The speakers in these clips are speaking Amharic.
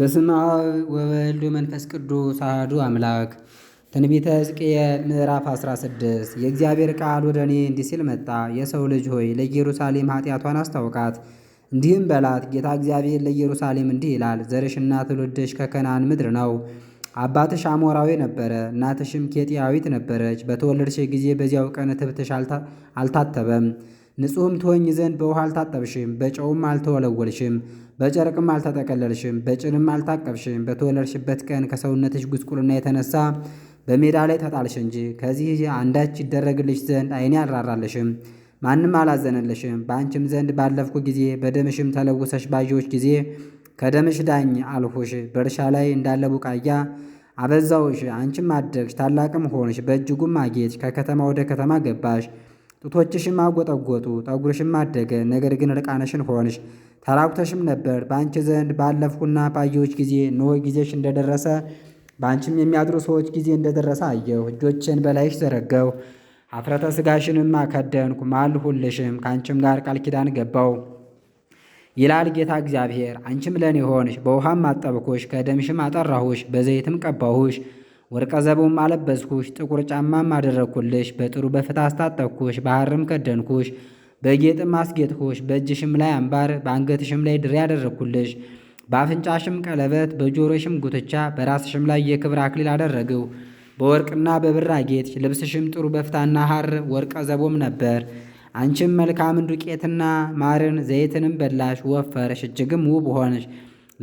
በስመ አብ ወወልድ ቅዱስ አሐዱ አምላክ። ትንቢተ ሕዝቅኤል ምዕራፍ 16 የእግዚአብሔር ቃል ወደ እኔ እንዲህ ሲል መጣ። የሰው ልጅ ሆይ ለኢየሩሳሌም ኃጢአቷን አስታውቃት፣ እንዲህም በላት፣ ጌታ እግዚአብሔር ለኢየሩሳሌም እንዲህ ይላል፣ ዘርሽና ትውልድሽ ከከናን ምድር ነው። አባትሽ አሞራዊ ነበረ፣ እናትሽም ኬጢያዊት ነበረች። በተወለድሽ ጊዜ በዚያው ቀን ትብትሽ አልታተበም፣ ንጹሕም ትሆኝ ዘንድ በውሃ አልታጠብሽም፣ በጨውም አልተወለወልሽም። በጨርቅም አልተጠቀለልሽም፣ በጭንም አልታቀፍሽም። በተወለድሽበት ቀን ከሰውነትሽ ጉስቁልና የተነሳ በሜዳ ላይ ተጣልሽ እንጂ ከዚህ አንዳች ይደረግልሽ ዘንድ ዓይኔ አልራራልሽም፣ ማንም አላዘነልሽም። በአንቺም ዘንድ ባለፍኩ ጊዜ በደምሽም ተለውሰሽ ባየሁሽ ጊዜ ከደምሽ ዳኝ አልሁሽ። በእርሻ ላይ እንዳለ ቡቃያ አበዛውሽ። አንቺም አደግሽ፣ ታላቅም ሆንሽ፣ በእጅጉም አጌጥሽ። ከከተማ ወደ ከተማ ገባሽ ጡቶችሽም አጎጠጎጡ፣ ጠጉርሽም አደገ። ነገር ግን ርቃነሽን ሆንሽ፣ ተራቁተሽም ነበር። በአንቺ ዘንድ ባለፍሁና ባየሁሽ ጊዜ እነሆ ጊዜሽ እንደደረሰ በአንቺም የሚያድሩ ሰዎች ጊዜ እንደደረሰ አየሁ። እጆችን በላይሽ ዘረገው፣ አፍረተ ስጋሽንም አከደንኩ፣ ማልሁልሽም፣ ከአንቺም ጋር ቃል ኪዳን ገባው ይላል ጌታ እግዚአብሔር። አንቺም ለእኔ ሆንሽ፣ በውሃም አጠብኩሽ፣ ከደምሽም አጠራሁሽ፣ በዘይትም ቀባሁሽ። ወርቀ ዘቦም አለበስኩሽ፣ ጥቁር ጫማም አደረግኩልሽ፣ በጥሩ በፍታ አስታጠቅኩሽ፣ በሐርም ከደንኩሽ፣ በጌጥም አስጌጥኩሽ። በእጅሽም ላይ አምባር፣ በአንገትሽም ላይ ድሬ አደረግኩልሽ፣ በአፍንጫሽም ቀለበት፣ በጆሮሽም ጉትቻ፣ በራስሽም ላይ የክብር አክሊል አደረግው በወርቅና በብር አጌጥሽ። ልብስሽም ጥሩ በፍታና ሐር ወርቀ ዘቦም ነበር። አንቺም መልካምን ዱቄትና ማርን ዘይትንም በላሽ፣ ወፈርሽ፣ እጅግም ውብ ሆንሽ።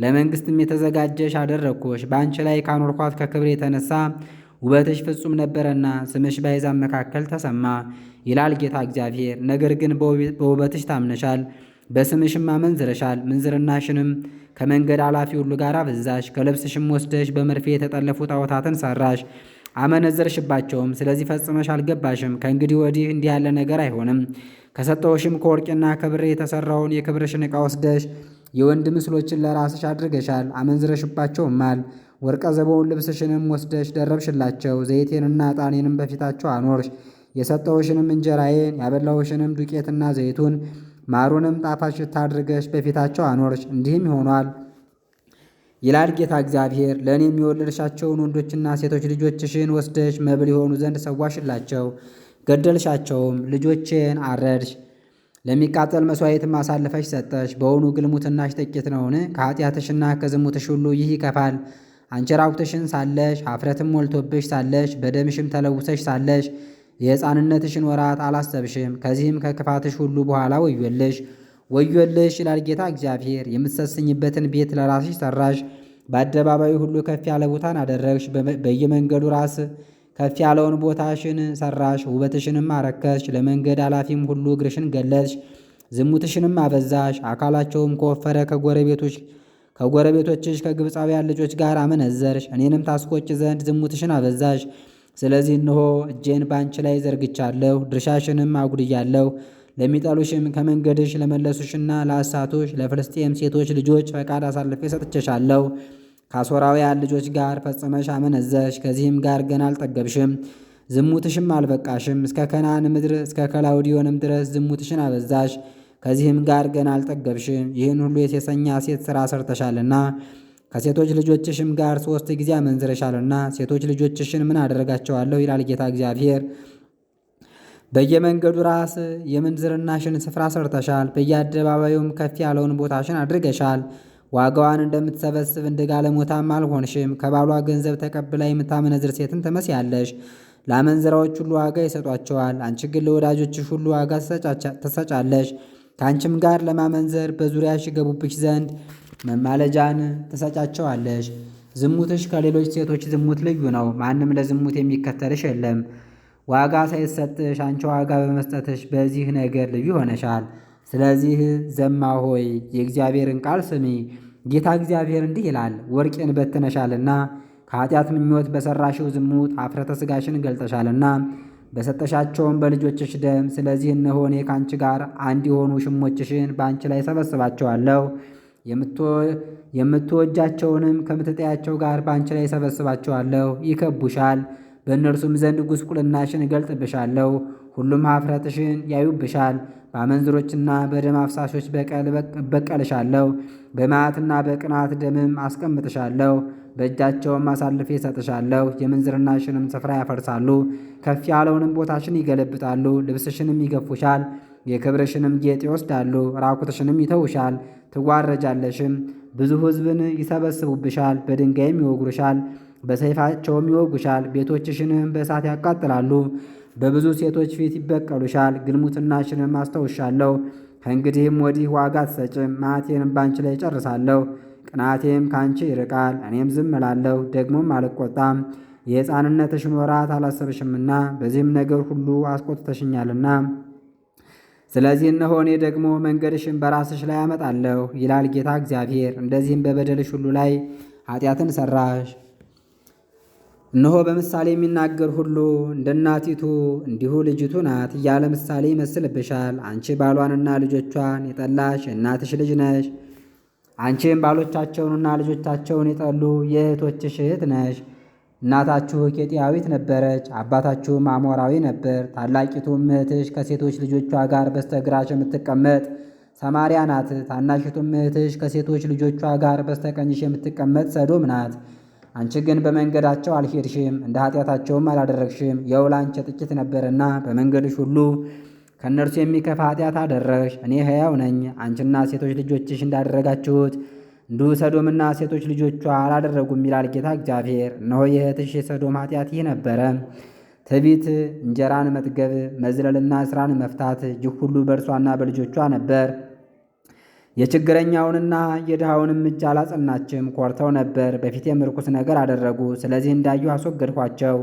ለመንግስትም የተዘጋጀሽ አደረግኩሽ። በአንቺ ላይ ካኖርኳት ከክብር የተነሳ ውበትሽ ፍጹም ነበረና ስምሽ ባሕዛብ መካከል ተሰማ ይላል ጌታ እግዚአብሔር። ነገር ግን በውበትሽ ታምነሻል፣ በስምሽም አመንዝረሻል። ምንዝርናሽንም ከመንገድ አላፊ ሁሉ ጋር አበዛሽ። ከልብስሽም ወስደሽ በመርፌ የተጠለፉ ጣዖታትን ሰራሽ፣ አመነዘርሽባቸውም። ስለዚህ ፈጽመሽ አልገባሽም። ከእንግዲህ ወዲህ እንዲህ ያለ ነገር አይሆንም። ከሰጠውሽም ከወርቅና ከብር የተሰራውን የክብርሽን ዕቃ ወስደሽ የወንድ ምስሎችን ለራስሽ አድርገሻል፣ አመንዝረሽባቸውማል። ወርቀ ዘቦውን ልብስሽንም ወስደሽ ደረብሽላቸው፣ ዘይቴንና ዕጣኔንም በፊታቸው አኖርሽ። የሰጠውሽንም እንጀራዬን ያበላውሽንም ዱቄትና ዘይቱን ማሩንም ጣፋጭ ሽታ አድርገሽ በፊታቸው አኖርሽ። እንዲህም ይሆኗል ይላል ጌታ እግዚአብሔር፣ ለእኔ የሚወለድሻቸውን ወንዶችና ሴቶች ልጆችሽን ወስደሽ መብል የሆኑ ዘንድ ሰዋሽላቸው፣ ገደልሻቸውም። ልጆቼን አረድሽ። ለሚቃጠል መሥዋዕትም አሳልፈሽ ሰጠሽ። በውኑ ግልሙትናሽ ጥቂት ነውን? ከኃጢአትሽና ከዝሙትሽ ሁሉ ይህ ይከፋል። አንቺ ራቁትሽን ሳለሽ አፍረትም ሞልቶብሽ ሳለሽ በደምሽም ተለውሰሽ ሳለሽ የሕፃንነትሽን ወራት አላሰብሽም። ከዚህም ከክፋትሽ ሁሉ በኋላ ወዮልሽ ወዮልሽ ይላል ጌታ እግዚአብሔር። የምትሰስኝበትን ቤት ለራስሽ ሠራሽ፣ በአደባባዩ ሁሉ ከፍ ያለ ቦታን አደረግሽ፣ በየመንገዱ ራስ ከፍ ያለውን ቦታሽን ሰራሽ፣ ውበትሽንም አረከስሽ። ለመንገድ አላፊም ሁሉ እግርሽን ገለጽሽ፣ ዝሙትሽንም አበዛሽ። አካላቸውም ከወፈረ ከጎረቤቶች ከጎረቤቶችሽ ከግብፃውያን ልጆች ጋር አመነዘርሽ፣ እኔንም ታስቆጭ ዘንድ ዝሙትሽን አበዛሽ። ስለዚህ እንሆ እጄን ባንቺ ላይ ዘርግቻለሁ፣ ድርሻሽንም አጉድያለሁ። ለሚጠሉሽም ከመንገድሽ ለመለሱሽና ለአሳቶሽ ለፍልስጤም ሴቶች ልጆች ፈቃድ አሳልፌ ሰጥቼሻለሁ። ከአሶራውያን ልጆች ጋር ፈጽመሽ አመነዘሽ፣ ከዚህም ጋር ገና አልጠገብሽም፣ ዝሙትሽም አልበቃሽም። እስከ ከናን ምድር እስከ ከላውዲዮንም ድረስ ዝሙትሽን አበዛሽ፣ ከዚህም ጋር ገና አልጠገብሽም። ይህን ሁሉ የሴሰኛ ሴት ሥራ ሰርተሻልና ከሴቶች ልጆችሽም ጋር ሦስት ጊዜ አመንዝረሻልና ሴቶች ልጆችሽን ምን አደረጋቸዋለሁ? ይላል ጌታ እግዚአብሔር። በየመንገዱ ራስ የምንዝርናሽን ስፍራ ሰርተሻል፣ በየአደባባዩም ከፍ ያለውን ቦታሽን አድርገሻል። ዋጋዋን እንደምትሰበስብ እንደ ጋለሞታም አልሆንሽም። ከባሏ ገንዘብ ተቀብላ የምታመነዝር ሴትን ትመስያለሽ። ለአመንዝራዎች ሁሉ ዋጋ ይሰጧቸዋል። አንቺ ግን ለወዳጆችሽ ሁሉ ዋጋ ትሰጫለሽ። ከአንቺም ጋር ለማመንዘር በዙሪያሽ ይገቡብሽ ዘንድ መማለጃን ትሰጫቸዋለሽ። ዝሙትሽ ከሌሎች ሴቶች ዝሙት ልዩ ነው። ማንም ለዝሙት የሚከተልሽ የለም። ዋጋ ሳይሰጥሽ አንቺ ዋጋ በመስጠትሽ በዚህ ነገር ልዩ ይሆነሻል። ስለዚህ ዘማ ሆይ የእግዚአብሔርን ቃል ስሚ። ጌታ እግዚአብሔር እንዲህ ይላል፣ ወርቄን በትነሻልና ከኃጢአት ምኞት በሠራሽው ዝሙት አፍረተ ሥጋሽን ገልጠሻልና በሰጠሻቸውም በልጆችሽ ደም። ስለዚህ እነሆ እኔ ከአንቺ ጋር አንድ የሆኑ ሽሞችሽን በአንቺ ላይ ሰበስባቸዋለሁ፣ የምትወጃቸውንም ከምትጠያቸው ጋር በአንቺ ላይ ሰበስባቸዋለሁ። ይከቡሻል፣ በእነርሱም ዘንድ ጉስቁልናሽን እገልጥብሻለሁ፣ ሁሉም ኀፍረትሽን ያዩብሻል። በአመንዝሮችና በደም አፍሳሾች በቀል እበቀልሻለሁ፣ በመዓትና በቅናት ደምም አስቀምጥሻለሁ። በእጃቸውም አሳልፌ የመንዝርና የምንዝርናሽንም ስፍራ ያፈርሳሉ፣ ከፍ ያለውንም ቦታሽን ይገለብጣሉ፣ ልብስሽንም ይገፉሻል፣ የክብርሽንም ጌጥ ይወስዳሉ፣ ራቁትሽንም ይተውሻል፣ ትዋረጃለሽም። ብዙ ሕዝብን ይሰበስቡብሻል፣ በድንጋይም ይወግሩሻል፣ በሰይፋቸውም ይወጉሻል፣ ቤቶችሽንም በእሳት ያቃጥላሉ። በብዙ ሴቶች ፊት ይበቀሉሻል። ግልሙትናሽንም አስታውሻለሁ። ከእንግዲህም ወዲህ ዋጋ አትሰጭም። መዓቴንም ባንቺ ላይ ጨርሳለሁ። ቅናቴም ካንቺ ይርቃል። እኔም ዝም እላለሁ፣ ደግሞም አልቆጣም። የሕፃንነትሽ ወራት አላሰብሽምና በዚህም ነገር ሁሉ አስቆጥተሽኛልና ስለዚህ እነሆ እኔ ደግሞ መንገድሽን በራስሽ ላይ አመጣለሁ፣ ይላል ጌታ እግዚአብሔር። እንደዚህም በበደልሽ ሁሉ ላይ ኃጢአትን ሰራሽ። እነሆ በምሳሌ የሚናገር ሁሉ እንደ እናቲቱ እንዲሁ ልጅቱ ናት እያለ ምሳሌ ይመስልብሻል። አንቺ ባሏንና ልጆቿን የጠላሽ እናትሽ ልጅ ነሽ። አንቺም ባሎቻቸውንና ልጆቻቸውን የጠሉ የእህቶችሽ እህት ነሽ። እናታችሁ ኬጢያዊት ነበረች፣ አባታችሁም አሞራዊ ነበር። ታላቂቱም እህትሽ ከሴቶች ልጆቿ ጋር በስተግራሽ የምትቀመጥ ሰማሪያ ናት። ታናሽቱም እህትሽ ከሴቶች ልጆቿ ጋር በስተቀኝሽ የምትቀመጥ ሰዶም ናት። አንቺ ግን በመንገዳቸው አልሄድሽም፣ እንደ ኃጢአታቸውም አላደረግሽም። ይኸው ላንቺ ጥቂት ነበርና በመንገድሽ ሁሉ ከእነርሱ የሚከፋ ኃጢአት አደረግሽ። እኔ ሕያው ነኝ፣ አንቺና ሴቶች ልጆችሽ እንዳደረጋችሁት እንዲሁ ሰዶምና ሴቶች ልጆቿ አላደረጉም ይላል ጌታ እግዚአብሔር። እነሆ የእህትሽ የሰዶም ኃጢአት ይህ ነበረ፣ ትቢት እንጀራን መጥገብ፣ መዝለልና ስራን መፍታት። ይህ ሁሉ በእርሷና በልጆቿ ነበር። የችግረኛውንና የድሃውንም እጅ አላጸናችም። ኮርተው ነበር፣ በፊቴም ርኩስ ነገር አደረጉ። ስለዚህ እንዳዩ አስወገድኋቸው።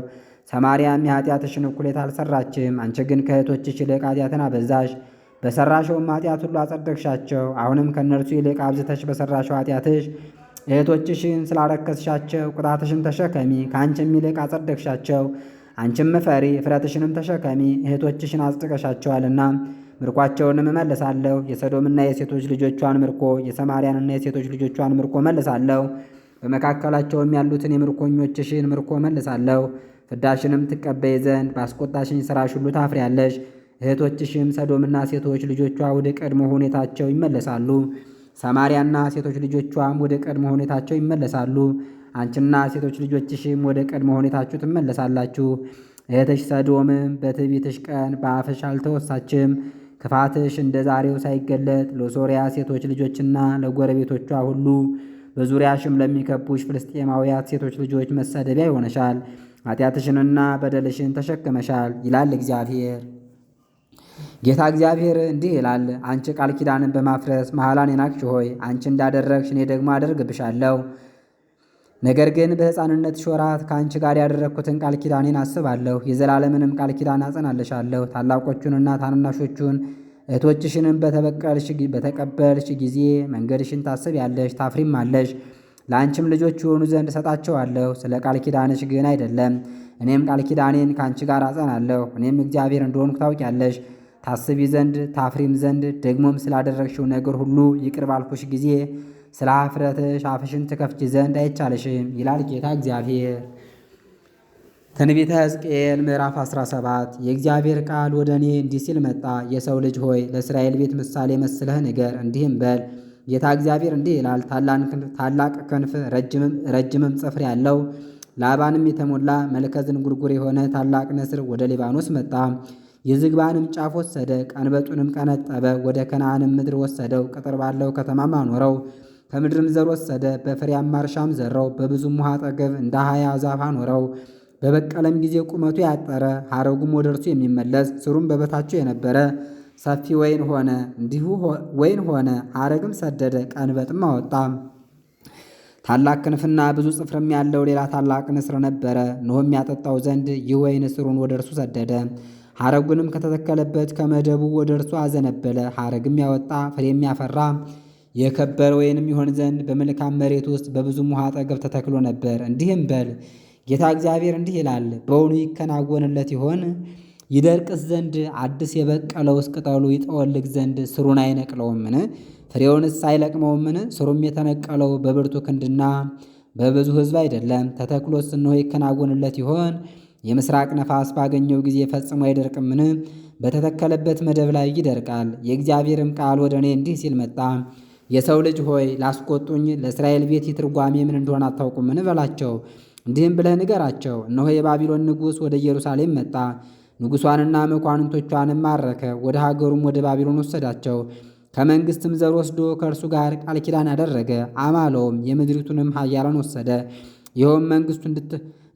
ሰማርያም የኃጢአትሽን እኩሌታ አልሰራችም። አንቺ ግን ከእህቶችሽ ይልቅ ኃጢአትን አበዛሽ፣ በሰራሸውም ኃጢአት ሁሉ አጸደቅሻቸው። አሁንም ከእነርሱ ይልቅ አብዝተሽ በሰራሸው ኃጢአትሽ እህቶችሽን ስላረከስሻቸው ቁጣትሽን ተሸከሚ፣ ከአንቺም ይልቅ አጸደቅሻቸው። አንቺም ፈሪ፣ እፍረትሽንም ተሸከሚ፣ እህቶችሽን አጽድቀሻቸዋልና። ምርኳቸውንም እመልሳለሁ። የሰዶምና የሴቶች ልጆቿን ምርኮ፣ የሰማርያንና የሴቶች ልጆቿን ምርኮ መለሳለሁ በመካከላቸውም ያሉትን የምርኮኞችሽን ምርኮ መልሳለሁ። ፍዳሽንም ትቀበይ ዘንድ በአስቆጣሽኝ ሥራሽ ሁሉ ታፍሪያለሽ። እህቶችሽም ሰዶምና ሴቶች ልጆቿ ወደ ቀድሞ ሁኔታቸው ይመለሳሉ። ሰማርያና ሴቶች ልጆቿም ወደ ቀድሞ ሁኔታቸው ይመለሳሉ። አንቺና ሴቶች ልጆችሽም ወደ ቀድሞ ሁኔታችሁ ትመለሳላችሁ። እህተሽ ሰዶምም በትዕቢትሽ ቀን በአፍሽ አልተወሳችም። ክፋትሽ እንደ ዛሬው ሳይገለጥ ለሶርያ ሴቶች ልጆችና ለጎረቤቶቿ ሁሉ በዙሪያሽም ለሚከቡሽ ፍልስጤማውያት ሴቶች ልጆች መሰደቢያ ይሆነሻል። ኃጢአትሽንና በደልሽን ተሸክመሻል ይላል እግዚአብሔር። ጌታ እግዚአብሔር እንዲህ ይላል፣ አንቺ ቃል ኪዳንን በማፍረስ መሐላን የናቅሽ ሆይ አንቺ እንዳደረግሽ እኔ ደግሞ አደርግብሻለሁ። ነገር ግን በህፃንነት ሾራት ከአንቺ ጋር ያደረግኩትን ቃል ኪዳኔን አስባለሁ፣ የዘላለምንም ቃል ኪዳን አጸናለሻለሁ። ታላቆቹንና ታናናሾቹን እህቶችሽንም በተቀበልሽ ጊዜ መንገድሽን ታስቢያለሽ፣ ታፍሪም አለሽ። ለአንቺም ልጆች የሆኑ ዘንድ እሰጣቸዋለሁ። ስለ ቃል ኪዳንሽ ግን አይደለም። እኔም ቃል ኪዳኔን ከአንቺ ጋር አጸናለሁ። እኔም እግዚአብሔር እንደሆንኩ ታውቂያለሽ። ታስቢ ዘንድ ታፍሪም ዘንድ ደግሞም ስላደረግሽው ነገር ሁሉ ይቅር ባልኩሽ ጊዜ ስለ ኀፍረትሽ አፍሽን ትከፍች ዘንድ አይቻልሽም ይላል ጌታ እግዚአብሔር። ትንቢተ ሕዝቅኤል ምዕራፍ 17 የእግዚአብሔር ቃል ወደ እኔ እንዲህ ሲል መጣ። የሰው ልጅ ሆይ ለእስራኤል ቤት ምሳሌ መስለህ ንገር፣ እንዲህም በል ጌታ እግዚአብሔር እንዲህ ይላል፣ ታላቅ ክንፍ ረጅምም ጽፍር ያለው ላባንም የተሞላ መልከ ዝንጉርጉር የሆነ ታላቅ ንስር ወደ ሊባኖስ መጣ። የዝግባንም ጫፍ ወሰደ፣ ቀንበጡንም ቀነጠበ፣ ወደ ከነዓንም ምድር ወሰደው፣ ቅጥር ባለው ከተማም አኖረው። ከምድርም ዘር ወሰደ፣ በፍሬያማ እርሻም ዘራው፣ በብዙም ውሃ አጠገብ እንደ ሀያ ዛፍ አኖረው። በበቀለም ጊዜ ቁመቱ ያጠረ፣ ሐረጉም ወደ እርሱ የሚመለስ ስሩም በበታቸው የነበረ ሰፊ ወይን ሆነ። እንዲሁ ወይን ሆነ፣ ሐረግም ሰደደ፣ ቀንበጥም አወጣ። ታላቅ ክንፍና ብዙ ጽፍርም ያለው ሌላ ታላቅ ንስር ነበረ። እነሆም ያጠጣው ዘንድ ይህ ወይን ስሩን ወደ እርሱ ሰደደ። ሐረጉንም ከተተከለበት ከመደቡ ወደ እርሱ አዘነበለ። ሐረግም ያወጣ ፍሬም ያፈራ የከበረ ወይንም ይሆን ዘንድ በመልካም መሬት ውስጥ በብዙም ውሃ አጠገብ ተተክሎ ነበር። እንዲህም በል ጌታ እግዚአብሔር እንዲህ ይላል፣ በውኑ ይከናወንለት ይሆን? ይደርቅስ ዘንድ አዲስ የበቀለውስ ቅጠሉ ይጠወልግ ዘንድ ስሩን አይነቅለውምን? ፍሬውንስ አይለቅመውምን? ስሩም የተነቀለው በብርቱ ክንድና በብዙ ሕዝብ አይደለም። ተተክሎስ እንሆ ይከናወንለት ይሆን? የምስራቅ ነፋስ ባገኘው ጊዜ ፈጽሞ አይደርቅምን? በተተከለበት መደብ ላይ ይደርቃል። የእግዚአብሔርም ቃል ወደ እኔ እንዲህ ሲል መጣ። የሰው ልጅ ሆይ ላስቆጡኝ ለእስራኤል ቤት ትርጓሜ ምን እንደሆነ አታውቁምን? በላቸው። እንዲህም ብለህ ንገራቸው፣ እነሆ የባቢሎን ንጉሥ ወደ ኢየሩሳሌም መጣ፣ ንጉሷንና መኳንንቶቿንም ማረከ፣ ወደ ሀገሩም ወደ ባቢሎን ወሰዳቸው። ከመንግሥትም ዘር ወስዶ ከእርሱ ጋር ቃል ኪዳን አደረገ፣ አማለውም፣ የምድሪቱንም ኃያላን ወሰደ። ይኸውም መንግሥቱ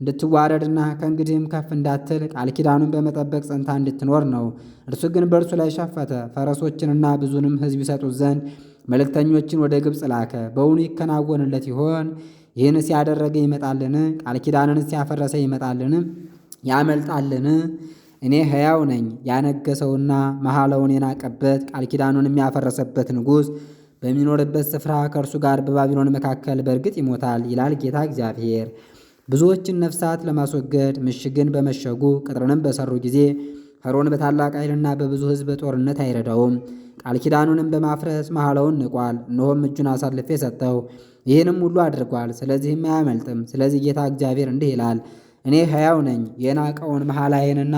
እንድትዋረድና ከእንግዲህም ከፍ እንዳትል ቃል ኪዳኑን በመጠበቅ ጸንታ እንድትኖር ነው። እርሱ ግን በእርሱ ላይ ሸፈተ፣ ፈረሶችንና ብዙንም ሕዝብ ይሰጡት ዘንድ መልእክተኞችን ወደ ግብፅ ላከ። በውኑ ይከናወንለት ይሆን? ይህን ያደረገ ይመጣልን? ቃል ኪዳንን ሲያፈረሰ ይመጣልን? ያመልጣልን? እኔ ሕያው ነኝ። ያነገሰውና መሐላውን የናቀበት ቃል ኪዳኑን የሚያፈረሰበት ንጉሥ በሚኖርበት ስፍራ ከእርሱ ጋር በባቢሎን መካከል በእርግጥ ይሞታል ይላል ጌታ እግዚአብሔር። ብዙዎችን ነፍሳት ለማስወገድ ምሽግን በመሸጉ ቅጥርንም በሰሩ ጊዜ ፈርዖን በታላቅ ኃይልና በብዙ ሕዝብ ጦርነት አይረዳውም። ቃል ኪዳኑንም በማፍረስ መሐላውን ንቋል። እነሆም እጁን አሳልፌ ሰጠው፣ ይህንም ሁሉ አድርጓል። ስለዚህም አያመልጥም። ስለዚህ ጌታ እግዚአብሔር እንዲህ ይላል፣ እኔ ሕያው ነኝ፣ የናቀውን መሐላዬንና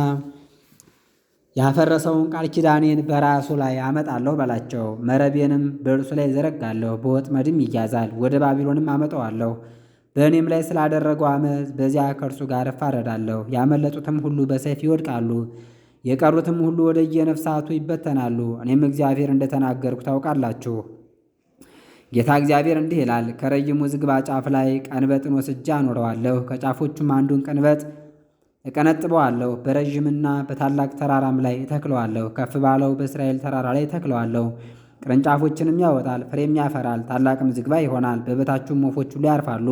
ያፈረሰውን ቃል ኪዳኔን በራሱ ላይ አመጣለሁ በላቸው። መረቤንም በእርሱ ላይ ዘረጋለሁ፣ በወጥመድም ይያዛል፣ ወደ ባቢሎንም አመጣዋለሁ። በእኔም ላይ ስላደረገው አመፅ በዚያ ከእርሱ ጋር እፋረዳለሁ፣ ያመለጡትም ሁሉ በሰይፍ ይወድቃሉ። የቀሩትም ሁሉ ወደ የነፍሳቱ ይበተናሉ። እኔም እግዚአብሔር እንደተናገርኩ ታውቃላችሁ። ጌታ እግዚአብሔር እንዲህ ይላል፣ ከረጅሙ ዝግባ ጫፍ ላይ ቀንበጥን ወስጃ አኖረዋለሁ። ከጫፎቹም አንዱን ቀንበጥ እቀነጥበዋለሁ፣ በረዥምና በታላቅ ተራራም ላይ እተክለዋለሁ። ከፍ ባለው በእስራኤል ተራራ ላይ እተክለዋለሁ። ቅርንጫፎችንም ያወጣል፣ ፍሬም ያፈራል፣ ታላቅም ዝግባ ይሆናል። በበታቹም ወፎች ሁሉ ያርፋሉ።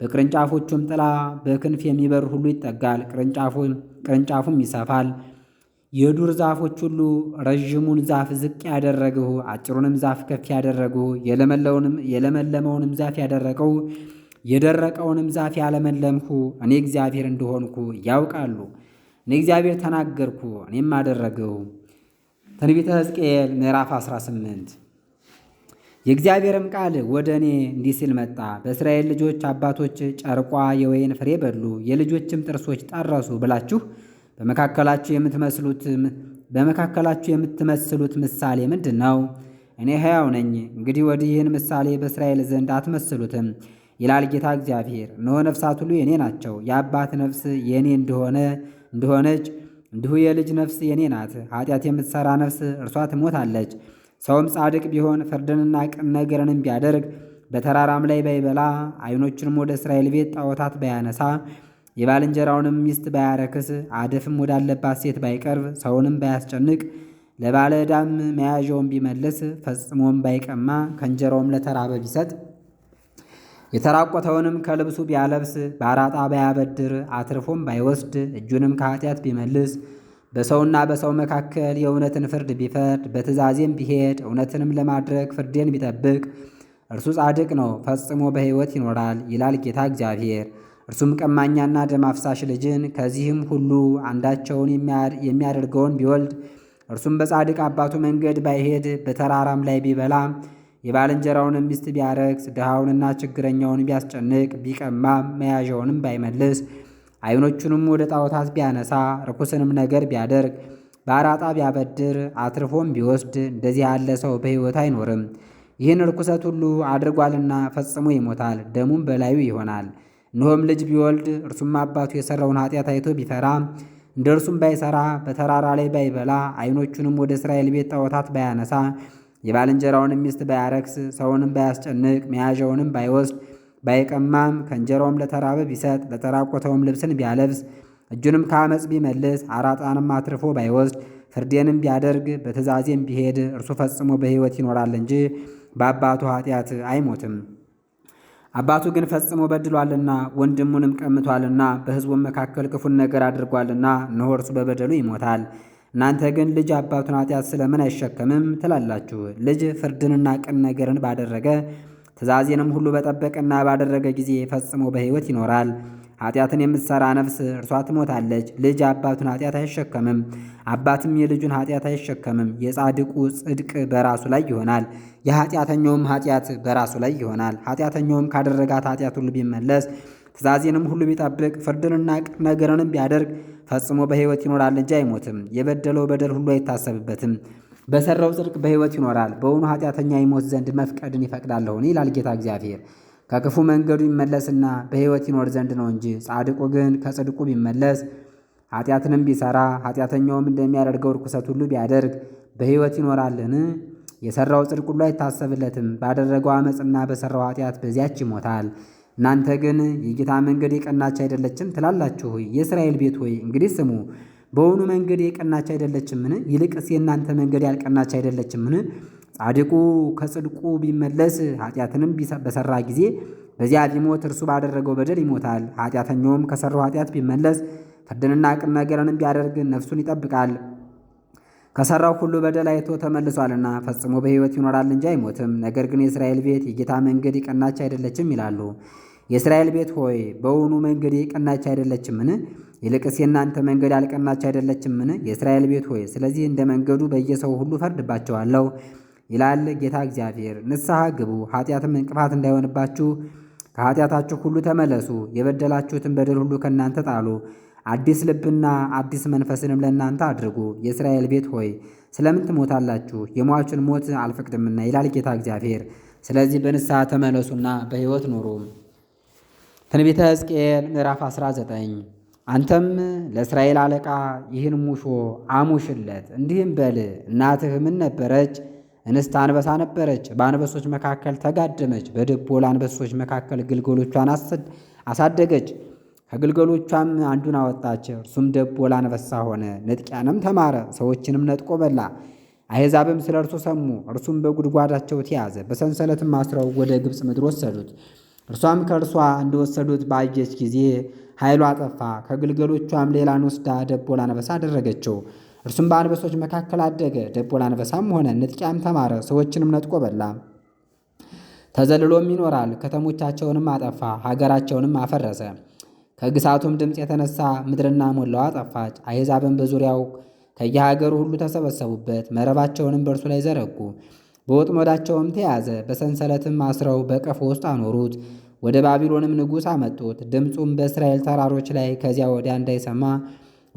በቅርንጫፎቹም ጥላ በክንፍ የሚበር ሁሉ ይጠጋል፣ ቅርንጫፉም ይሰፋል። የዱር ዛፎች ሁሉ ረዥሙን ዛፍ ዝቅ ያደረግሁ፣ አጭሩንም ዛፍ ከፍ ያደረግሁ፣ የለመለመውንም ዛፍ ያደረቀው፣ የደረቀውንም ዛፍ ያለመለምሁ እኔ እግዚአብሔር እንደሆንኩ ያውቃሉ። እኔ እግዚአብሔር ተናገርኩ፣ እኔም አደረግሁ። ትንቢተ ሕዝቅኤል ምዕራፍ 18 የእግዚአብሔርም ቃል ወደ እኔ እንዲህ ሲል መጣ። በእስራኤል ልጆች አባቶች ጨርቋ የወይን ፍሬ በሉ፣ የልጆችም ጥርሶች ጠረሱ ብላችሁ በመካከላችሁ የምትመስሉት በመካከላችሁ የምትመስሉት ምሳሌ ምንድን ነው? እኔ ሕያው ነኝ። እንግዲህ ወዲህ ይህን ምሳሌ በእስራኤል ዘንድ አትመስሉትም ይላል ጌታ እግዚአብሔር። እነሆ ነፍሳት ሁሉ የኔ ናቸው። የአባት ነፍስ የኔ እንደሆነ እንደሆነች እንዲሁ የልጅ ነፍስ የኔ ናት። ኃጢአት የምትሠራ ነፍስ እርሷ ትሞታለች። ሰውም ጻድቅ ቢሆን ፍርድንና ቅን ነገርንም ቢያደርግ በተራራም ላይ ባይበላ ዓይኖቹንም ወደ እስራኤል ቤት ጣዖታት ባያነሳ የባልንጀራውንም ሚስት ባያረክስ፣ አደፍም ወዳለባት ሴት ባይቀርብ፣ ሰውንም ባያስጨንቅ፣ ለባለ ዕዳም መያዣውን ቢመልስ፣ ፈጽሞም ባይቀማ፣ ከእንጀራውም ለተራበ ቢሰጥ፣ የተራቆተውንም ከልብሱ ቢያለብስ፣ በአራጣ ባያበድር፣ አትርፎም ባይወስድ፣ እጁንም ከኃጢአት ቢመልስ፣ በሰውና በሰው መካከል የእውነትን ፍርድ ቢፈርድ፣ በትእዛዜም ቢሄድ፣ እውነትንም ለማድረግ ፍርዴን ቢጠብቅ፣ እርሱ ጻድቅ ነው፣ ፈጽሞ በሕይወት ይኖራል፣ ይላል ጌታ እግዚአብሔር። እርሱም ቀማኛና ደም አፍሳሽ ልጅን ከዚህም ሁሉ አንዳቸውን የሚያደርገውን ቢወልድ እርሱም በጻድቅ አባቱ መንገድ ባይሄድ በተራራም ላይ ቢበላ የባልንጀራውንም ሚስት ቢያረክስ ድሃውንና ችግረኛውን ቢያስጨንቅ ቢቀማ መያዣውንም ባይመልስ ዓይኖቹንም ወደ ጣዖታት ቢያነሳ ርኩስንም ነገር ቢያደርግ በአራጣ ቢያበድር አትርፎም ቢወስድ እንደዚህ ያለ ሰው በሕይወት አይኖርም። ይህን ርኩሰት ሁሉ አድርጓልና ፈጽሞ ይሞታል፣ ደሙም በላዩ ይሆናል። እነሆም ልጅ ቢወልድ እርሱም አባቱ የሰራውን ኃጢአት አይቶ ቢፈራ እንደ እርሱም ባይሰራ በተራራ ላይ ባይበላ ዓይኖቹንም ወደ እስራኤል ቤት ጣዖታት ባያነሳ የባልንጀራውን ሚስት ባያረክስ ሰውንም ባያስጨንቅ መያዣውንም ባይወስድ ባይቀማም ከእንጀራውም ለተራበ ቢሰጥ ለተራቆተውም ልብስን ቢያለብስ እጁንም ከአመፅ ቢመልስ አራጣንም አትርፎ ባይወስድ ፍርዴንም ቢያደርግ በትእዛዜም ቢሄድ እርሱ ፈጽሞ በሕይወት ይኖራል እንጂ በአባቱ ኃጢአት አይሞትም። አባቱ ግን ፈጽሞ በድሏልና ወንድሙንም ቀምቷልና በሕዝቡም መካከል ክፉን ነገር አድርጓልና እነሆ እርሱ በበደሉ ይሞታል። እናንተ ግን ልጅ አባቱን ኃጢአት ስለምን አይሸከምም ትላላችሁ? ልጅ ፍርድንና ቅን ነገርን ባደረገ ትእዛዜንም ሁሉ በጠበቀና ባደረገ ጊዜ ፈጽሞ በሕይወት ይኖራል። ኃጢአትን የምትሰራ ነፍስ እርሷ ትሞታለች። ልጅ አባቱን ኃጢአት አይሸከምም፣ አባትም የልጁን ኃጢአት አይሸከምም። የጻድቁ ጽድቅ በራሱ ላይ ይሆናል፣ የኃጢአተኛውም ኃጢአት በራሱ ላይ ይሆናል። ኃጢአተኛውም ካደረጋት ኃጢአት ሁሉ ቢመለስ ትእዛዜንም ሁሉ ቢጠብቅ ፍርድንና ቅን ነገርንም ቢያደርግ ፈጽሞ በሕይወት ይኖራል እንጂ አይሞትም። የበደለው በደል ሁሉ አይታሰብበትም። በሰራው ጽድቅ በሕይወት ይኖራል። በውኑ ኃጢአተኛ ይሞት ዘንድ መፍቀድን ይፈቅዳለሁን? ይላል ጌታ እግዚአብሔር። ከክፉ መንገዱ ይመለስና በሕይወት ይኖር ዘንድ ነው እንጂ ጻድቁ ግን ከጽድቁ ቢመለስ ኃጢአትንም ቢሰራ ኃጢአተኛውም እንደሚያደርገው ርኩሰት ሁሉ ቢያደርግ በሕይወት ይኖራልን? የሠራው ጽድቅ ሁሉ አይታሰብለትም። ባደረገው ዓመፅና በሠራው ኃጢአት በዚያች ይሞታል። እናንተ ግን የጌታ መንገድ የቀናች አይደለችም ትላላችሁ። የእስራኤል ቤት ሆይ እንግዲህ ስሙ። በውኑ መንገድ የቀናች አይደለችምን? ይልቅስ የእናንተ መንገድ ያልቀናች አይደለችምን? ጻድቁ ከጽድቁ ቢመለስ ኃጢአትንም በሰራ ጊዜ በዚያ ቢሞት እርሱ ባደረገው በደል ይሞታል። ኃጢአተኛውም ከሰራው ኃጢአት ቢመለስ ፍርድንና ቅን ነገርንም ቢያደርግ ነፍሱን ይጠብቃል። ከሰራው ሁሉ በደል አይቶ ተመልሷልና ፈጽሞ በሕይወት ይኖራል እንጂ አይሞትም። ነገር ግን የእስራኤል ቤት የጌታ መንገድ የቀናች አይደለችም ይላሉ። የእስራኤል ቤት ሆይ በውኑ መንገድ የቀናች አይደለችምን? ይልቅስ የእናንተ መንገድ ያልቀናች አይደለችምን? የእስራኤል ቤት ሆይ ስለዚህ እንደ መንገዱ በየሰው ሁሉ ፈርድባቸዋለሁ ይላል ጌታ እግዚአብሔር። ንስሐ ግቡ፣ ኃጢአትም እንቅፋት እንዳይሆንባችሁ ከኃጢአታችሁ ሁሉ ተመለሱ። የበደላችሁትን በደል ሁሉ ከእናንተ ጣሉ። አዲስ ልብና አዲስ መንፈስንም ለእናንተ አድርጉ። የእስራኤል ቤት ሆይ ስለምን ትሞታላችሁ? የሟቹን ሞት አልፈቅድምና ይላል ጌታ እግዚአብሔር። ስለዚህ በንስሐ ተመለሱና በሕይወት ኑሩ። ትንቢተ ሕዝቅኤል ምዕራፍ 19 አንተም ለእስራኤል አለቃ ይህን ሙሾ አሙሽለት፣ እንዲህም በል እናትህ ምን ነበረች? እንስት አንበሳ ነበረች። በአንበሶች መካከል ተጋደመች። በደቦ አንበሶች መካከል ግልገሎቿን አሳደገች። ከግልገሎቿም አንዱን አወጣች። እርሱም ደቦል አንበሳ ሆነ። ንጥቂያንም ተማረ። ሰዎችንም ነጥቆ በላ። አሕዛብም ስለ እርሱ ሰሙ። እርሱም በጉድጓዳቸው ተያዘ። በሰንሰለትም አስረው ወደ ግብፅ ምድር ወሰዱት። እርሷም ከእርሷ እንደወሰዱት ባየች ጊዜ ኃይሏ ጠፋ። ከግልገሎቿም ሌላን ወስዳ ደቦል አንበሳ አደረገችው። እርሱም በአንበሶች መካከል አደገ፣ ደቦል አንበሳም ሆነ፣ ንጥቂያም ተማረ፣ ሰዎችንም ነጥቆ በላ። ተዘልሎም ይኖራል። ከተሞቻቸውንም አጠፋ፣ ሀገራቸውንም አፈረሰ። ከግሳቱም ድምፅ የተነሳ ምድርና ሞላው አጠፋች አይዛብን በዙሪያው ከየሀገሩ ሁሉ ተሰበሰቡበት፣ መረባቸውንም በእርሱ ላይ ዘረጉ። በወጥመዳቸውም ተያዘ፣ በሰንሰለትም አስረው በቀፎ ውስጥ አኖሩት። ወደ ባቢሎንም ንጉሥ አመጡት። ድምፁም በእስራኤል ተራሮች ላይ ከዚያ ወዲያ እንዳይሰማ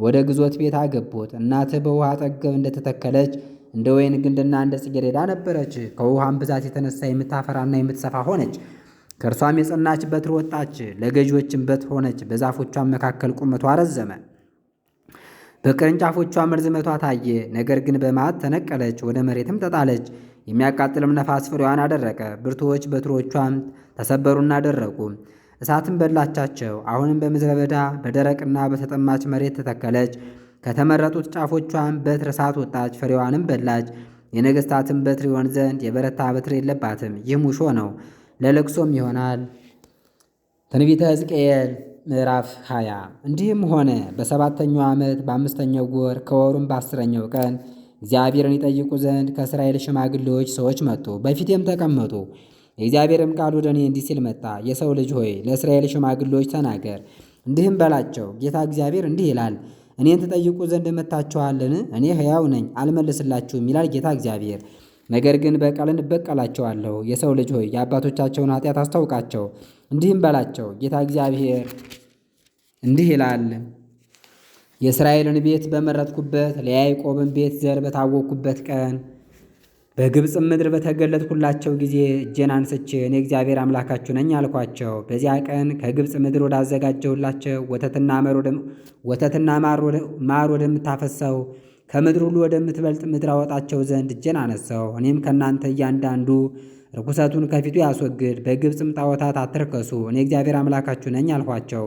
ወደ ግዞት ቤት አገቡት። እናትህ በውሃ አጠገብ እንደተተከለች እንደ ወይን ግንድና እንደ ጽጌረዳ ነበረች። ከውሃም ብዛት የተነሳ የምታፈራና የምትሰፋ ሆነች። ከእርሷም የጸናች በትር ወጣች፣ ለገዢዎችም በት ሆነች። በዛፎቿም መካከል ቁመቷ ረዘመ፣ በቅርንጫፎቿም ርዝመቷ ታየ። ነገር ግን በማት ተነቀለች፣ ወደ መሬትም ተጣለች። የሚያቃጥልም ነፋስ ፍሬዋን አደረቀ። ብርቱዎች በትሮቿም ተሰበሩና ደረቁ። እሳትም በላቻቸው። አሁንም በምድረ በዳ በደረቅና በተጠማች መሬት ተተከለች። ከተመረጡት ጫፎቿን በትር እሳት ወጣች፣ ፍሬዋንም በላች። የነገሥታትን በትር ይሆን ዘንድ የበረታ በትር የለባትም። ይህም ውሾ ነው፣ ለለቅሶም ይሆናል። ትንቢተ ሕዝቅኤል ምዕራፍ 20 እንዲህም ሆነ በሰባተኛው ዓመት በአምስተኛው ወር ከወሩም በአስረኛው ቀን እግዚአብሔርን ይጠይቁ ዘንድ ከእስራኤል ሽማግሌዎች ሰዎች መጡ፣ በፊቴም ተቀመጡ። የእግዚአብሔርም ቃል ወደ እኔ እንዲህ ሲል መጣ። የሰው ልጅ ሆይ ለእስራኤል ሽማግሌዎች ተናገር፣ እንዲህም በላቸው ጌታ እግዚአብሔር እንዲህ ይላል እኔን ትጠይቁ ዘንድ መጥታችኋልን? እኔ ሕያው ነኝ አልመልስላችሁም፣ ይላል ጌታ እግዚአብሔር። ነገር ግን በቀልን እበቀላቸዋለሁ። የሰው ልጅ ሆይ የአባቶቻቸውን ኃጢአት አስታውቃቸው፣ እንዲህም በላቸው ጌታ እግዚአብሔር እንዲህ ይላል የእስራኤልን ቤት በመረጥኩበት ለያዕቆብን ቤት ዘር በታወቅኩበት ቀን በግብፅ ምድር በተገለጥኩላቸው ጊዜ እጄን አንስቼ እኔ እግዚአብሔር አምላካችሁ ነኝ አልኳቸው። በዚያ ቀን ከግብፅ ምድር ወዳዘጋጀሁላቸው ወተትና ማር ወደምታፈሰው ከምድር ሁሉ ወደምትበልጥ ምድር አወጣቸው ዘንድ እጄን አነሳው። እኔም ከእናንተ እያንዳንዱ ርኩሰቱን ከፊቱ ያስወግድ፣ በግብፅም ጣዖታት አትርከሱ፣ እኔ እግዚአብሔር አምላካችሁ ነኝ አልኋቸው።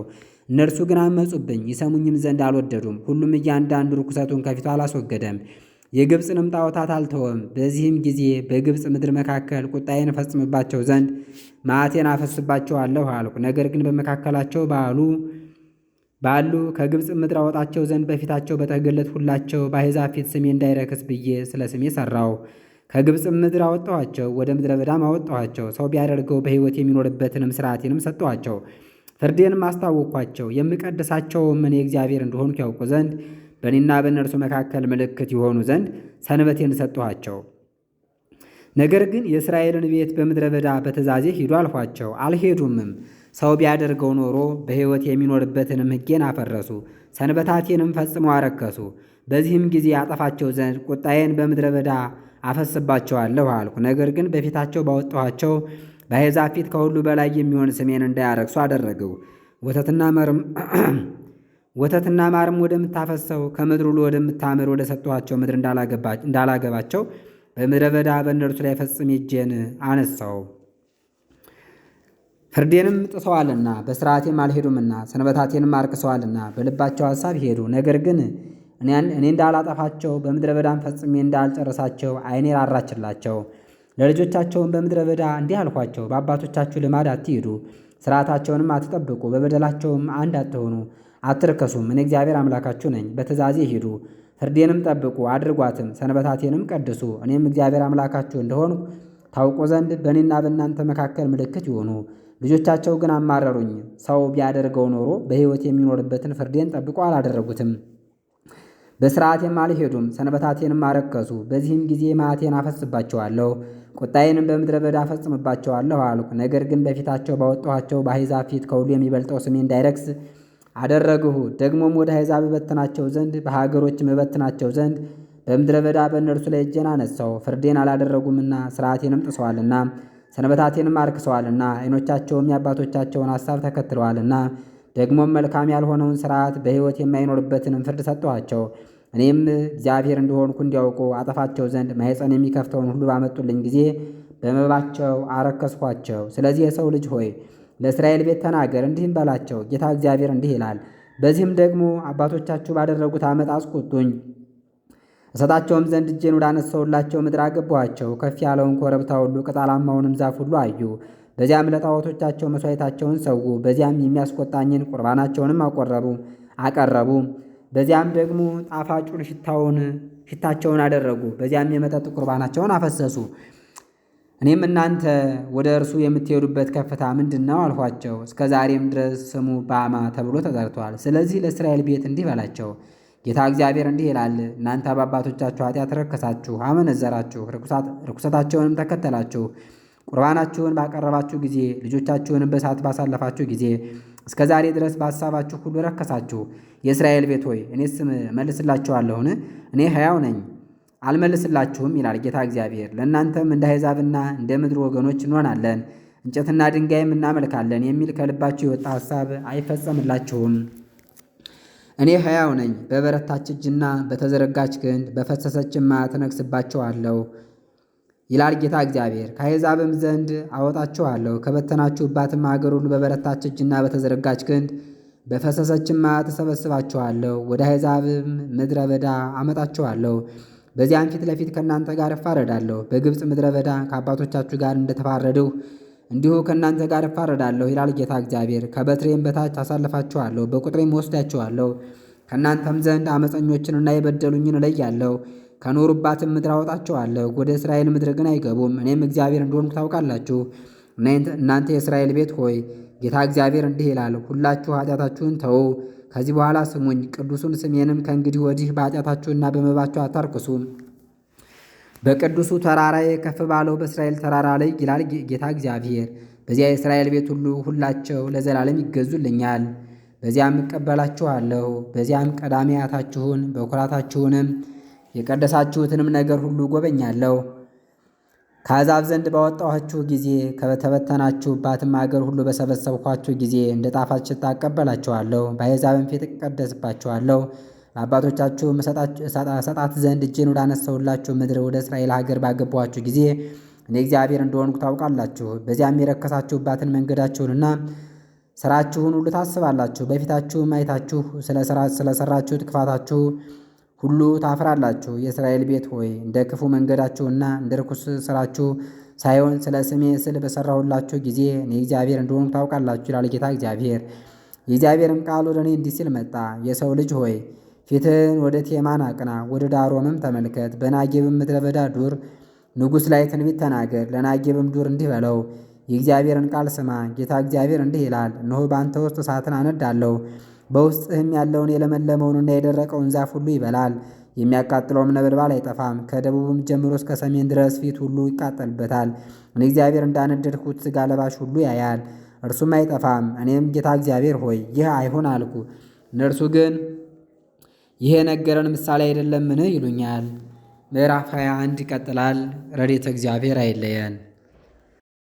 እነርሱ ግን አመጹብኝ፣ ይሰሙኝም ዘንድ አልወደዱም። ሁሉም እያንዳንዱ ርኩሰቱን ከፊቱ አላስወገደም። የግብፅንም ጣዖታት አልተወም። በዚህም ጊዜ በግብፅ ምድር መካከል ቁጣዬን እፈጽምባቸው ዘንድ መዓቴን አፈስባቸዋለሁ አልኩ። ነገር ግን በመካከላቸው ባሉ ባሉ ከግብፅ ምድር አወጣቸው ዘንድ በፊታቸው በተገለጥሁላቸው በአሕዛብ ፊት ስሜ እንዳይረክስ ብዬ ስለ ስሜ ሠራው። ከግብፅ ምድር አወጣኋቸው፣ ወደ ምድረ በዳም አወጣኋቸው። ሰው ቢያደርገው በሕይወት የሚኖርበትንም ሥርዓቴንም ሰጠኋቸው፣ ፍርዴንም አስታወቅኳቸው። የምቀድሳቸውም እኔ እግዚአብሔር እንደሆንኩ ያውቁ ዘንድ በእኔና በእነርሱ መካከል ምልክት ይሆኑ ዘንድ ሰንበቴን ሰጥኋቸው። ነገር ግን የእስራኤልን ቤት በምድረ በዳ በትእዛዜ ሂዱ አልኋቸው፣ አልሄዱምም። ሰው ቢያደርገው ኖሮ በሕይወት የሚኖርበትንም ሕጌን አፈረሱ፣ ሰንበታቴንም ፈጽሞ አረከሱ። በዚህም ጊዜ አጠፋቸው ዘንድ ቁጣዬን በምድረ በዳ አፈስባቸዋለሁ አልኩ። ነገር ግን በፊታቸው ባወጣኋቸው በአሕዛብ ፊት ከሁሉ በላይ የሚሆን ስሜን እንዳያረክሱ አደረገው ወተትና መርም ወተትና ማርም ወደምታፈሰው ከምድር ሁሉ ወደምታምር ወደ ሰጠኋቸው ምድር እንዳላገባቸው በምድረ በዳ በእነርሱ ላይ ፈጽም እጄን አነሳው። ፍርዴንም ጥሰዋልና በስርዓቴም አልሄዱምና ሰንበታቴንም አርክሰዋልና በልባቸው ሐሳብ ሄዱ። ነገር ግን እኔ እንዳላጠፋቸው በምድረ በዳም ፈጽሜ እንዳልጨረሳቸው ዓይኔ ራራችላቸው። ለልጆቻቸውም በምድረ በዳ እንዲህ አልኳቸው፣ በአባቶቻችሁ ልማድ አትሂዱ፣ ስርዓታቸውንም አትጠብቁ፣ በበደላቸውም አንድ አትሆኑ አትርከሱም፣ እኔ እግዚአብሔር አምላካችሁ ነኝ። በትእዛዜ ሂዱ፣ ፍርዴንም ጠብቁ አድርጓትም፣ ሰንበታቴንም ቀድሱ። እኔም እግዚአብሔር አምላካችሁ እንደሆንኩ ታውቁ ዘንድ በእኔና በእናንተ መካከል ምልክት ይሆኑ። ልጆቻቸው ግን አማረሩኝ። ሰው ቢያደርገው ኖሮ በሕይወት የሚኖርበትን ፍርዴን ጠብቆ አላደረጉትም፣ በሥርዓቴም አልሄዱም፣ ሰንበታቴንም አረከሱ። በዚህም ጊዜ መዓቴን አፈስባቸዋለሁ፣ ቁጣዬንም በምድረ በዳ አፈጽምባቸዋለሁ አልኩ። ነገር ግን በፊታቸው ባወጣኋቸው በአሕዛብ ፊት ከሁሉ የሚበልጠው ስሜ እንዳይረክስ አደረግሁ። ደግሞም ወደ አሕዛብ እበትናቸው ዘንድ በሀገሮችም እበትናቸው ዘንድ በምድረ በዳ በእነርሱ ላይ እጄን አነሳው። ፍርዴን አላደረጉምና ሥርዓቴንም ጥሰዋልና ሰንበታቴንም አርክሰዋልና ዓይኖቻቸውም የአባቶቻቸውን ሐሳብ ተከትለዋልና ደግሞም መልካም ያልሆነውን ስርዓት በሕይወት የማይኖርበትንም ፍርድ ሰጠኋቸው። እኔም እግዚአብሔር እንደሆንኩ እንዲያውቁ አጠፋቸው ዘንድ ማኅፀን የሚከፍተውን ሁሉ ባመጡልኝ ጊዜ በመባቸው አረከስኳቸው። ስለዚህ የሰው ልጅ ሆይ ለእስራኤል ቤት ተናገር፣ እንዲህም በላቸው ጌታ እግዚአብሔር እንዲህ ይላል። በዚህም ደግሞ አባቶቻችሁ ባደረጉት ዓመፅ አስቆጡኝ፣ እሰጣቸውም ዘንድ እጄን ወዳነሳሁላቸው ምድር አገቧቸው። ከፍ ያለውን ኮረብታ ሁሉ ቅጠላማውንም ዛፍ ሁሉ አዩ። በዚያም ለጣዖቶቻቸው መሥዋዕታቸውን ሰዉ። በዚያም የሚያስቆጣኝን ቁርባናቸውንም አቆረቡ አቀረቡ። በዚያም ደግሞ ጣፋጩን ሽታውን ሽታቸውን አደረጉ። በዚያም የመጠጥ ቁርባናቸውን አፈሰሱ። እኔም እናንተ ወደ እርሱ የምትሄዱበት ከፍታ ምንድን ነው አልኋቸው። እስከ ዛሬም ድረስ ስሙ ባማ ተብሎ ተጠርቷል። ስለዚህ ለእስራኤል ቤት እንዲህ በላቸው፣ ጌታ እግዚአብሔር እንዲህ ይላል፣ እናንተ በአባቶቻችሁ ኃጢአት ረከሳችሁ፣ አመነዘራችሁ፣ ርኩሰታቸውንም ተከተላችሁ። ቁርባናችሁን ባቀረባችሁ ጊዜ፣ ልጆቻችሁንም በእሳት ባሳለፋችሁ ጊዜ እስከ ዛሬ ድረስ በሐሳባችሁ ሁሉ ረከሳችሁ። የእስራኤል ቤት ሆይ ስም መልስላችኋለሁን? እኔ ሕያው ነኝ አልመልስላችሁም ይላል ጌታ እግዚአብሔር። ለእናንተም እንደ አሕዛብና እንደ ምድር ወገኖች እንሆናለን፣ እንጨትና ድንጋይም እናመልካለን የሚል ከልባችሁ የወጣ ሐሳብ አይፈጸምላችሁም። እኔ ሕያው ነኝ፣ በበረታች እጅና በተዘረጋች ክንድ በፈሰሰች ማ ተነግስባችኋለሁ ይላል ጌታ እግዚአብሔር። ከአሕዛብም ዘንድ አወጣችኋለሁ፣ ከበተናችሁባትም አገር ሁሉ በበረታች እጅና በተዘረጋች ክንድ በፈሰሰችማ ተሰበስባችኋለሁ። ወደ አሕዛብም ምድረ በዳ አመጣችኋለሁ በዚያም ፊት ለፊት ከእናንተ ጋር እፋረዳለሁ። በግብፅ ምድረ በዳ ከአባቶቻችሁ ጋር እንደተፋረድሁ እንዲሁ ከእናንተ ጋር እፋረዳለሁ ይላል ጌታ እግዚአብሔር። ከበትሬም በታች አሳልፋችኋለሁ፣ በቁጥሬም ወስዳችኋለሁ። ከእናንተም ዘንድ አመፀኞችንና የበደሉኝን እለያለሁ፣ ከኖሩባትም ምድር አወጣቸዋለሁ። ወደ እስራኤል ምድር ግን አይገቡም። እኔም እግዚአብሔር እንደሆንኩ ታውቃላችሁ። እናንተ የእስራኤል ቤት ሆይ ጌታ እግዚአብሔር እንዲህ ይላል፣ ሁላችሁ ኃጢአታችሁን ተው ከዚህ በኋላ ስሙኝ፣ ቅዱሱን ስሜንም ከእንግዲህ ወዲህ በኃጢአታችሁና በመባችሁ አታርክሱ። በቅዱሱ ተራራዬ ከፍ ባለው በእስራኤል ተራራ ላይ ይላል ጌታ እግዚአብሔር፣ በዚያ የእስራኤል ቤት ሁሉ ሁላቸው ለዘላለም ይገዙልኛል። በዚያም እቀበላችኋለሁ። በዚያም ቀዳሚያታችሁን በኩራታችሁንም የቀደሳችሁትንም ነገር ሁሉ ጎበኛለሁ። ከአሕዛብ ዘንድ ባወጣኋችሁ ጊዜ ከተበተናችሁባትም አገር ሁሉ በሰበሰብኳችሁ ጊዜ እንደ ጣፋጭ ሽታ እቀበላችኋለሁ፣ በአሕዛብም ፊት እቀደስባችኋለሁ። ለአባቶቻችሁም ሰጣት ዘንድ እጄን ወዳነሳሁላችሁ ምድር ወደ እስራኤል ሀገር ባገባኋችሁ ጊዜ እኔ እግዚአብሔር እንደሆንኩ ታውቃላችሁ። በዚያም የረከሳችሁባትን መንገዳችሁንና ስራችሁን ሁሉ ታስባላችሁ። በፊታችሁ አይታችሁ ስለሰራችሁት ሰራችሁት ክፋታችሁ ሁሉ ታፍራላችሁ። የእስራኤል ቤት ሆይ እንደ ክፉ መንገዳችሁና እንደ ርኩስ ስራችሁ ሳይሆን ስለ ስሜ ስል በሠራሁላችሁ ጊዜ እኔ እግዚአብሔር እንደሆኑ ታውቃላችሁ ይላል ጌታ እግዚአብሔር። የእግዚአብሔርም ቃል ወደ እኔ እንዲህ ሲል መጣ። የሰው ልጅ ሆይ ፊትህን ወደ ቴማን አቅና፣ ወደ ዳሮምም ተመልከት። በናጌብም ምድረ በዳ ዱር ንጉሥ ላይ ትንቢት ተናገር። ለናጌብም ዱር እንዲህ በለው የእግዚአብሔርን ቃል ስማ። ጌታ እግዚአብሔር እንዲህ ይላል፣ እነሆ በአንተ ውስጥ እሳትን አነዳለሁ በውስጥህም ያለውን የለመለመውንና የደረቀውን ዛፍ ሁሉ ይበላል። የሚያቃጥለውም ነበልባል አይጠፋም። ከደቡብም ጀምሮ እስከ ሰሜን ድረስ ፊት ሁሉ ይቃጠልበታል። እኔ እግዚአብሔር እንዳነደድኩት ሥጋ ለባሽ ሁሉ ያያል፣ እርሱም አይጠፋም። እኔም ጌታ እግዚአብሔር ሆይ ይህ አይሁን አልኩ። እነርሱ ግን ይሄ ነገረን ምሳሌ አይደለምን ይሉኛል። ምዕራፍ 21 ይቀጥላል። ረድኤተ እግዚአብሔር አይለየን።